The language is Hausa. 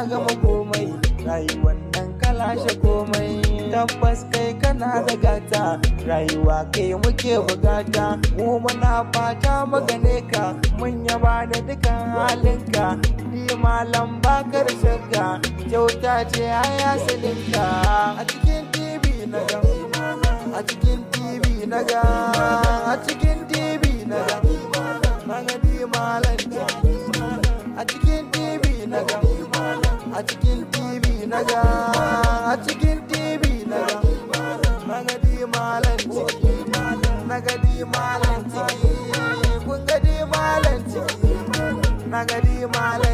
ka gama komai rayuwar nan ka lashe komai tabbas kai kana da gata rayuwa kai muke bugata mu muna fata magane ka mun yaba da dukan halinka ni malam bakar shakka kyauta ce haya silinka a cikin tv na ga a cikin tv na ga a cikin a cikin tv na ga a cikin tv na ga na gadi malam ciki na gadi malam ciki kun gadi malam ciki na gadi malam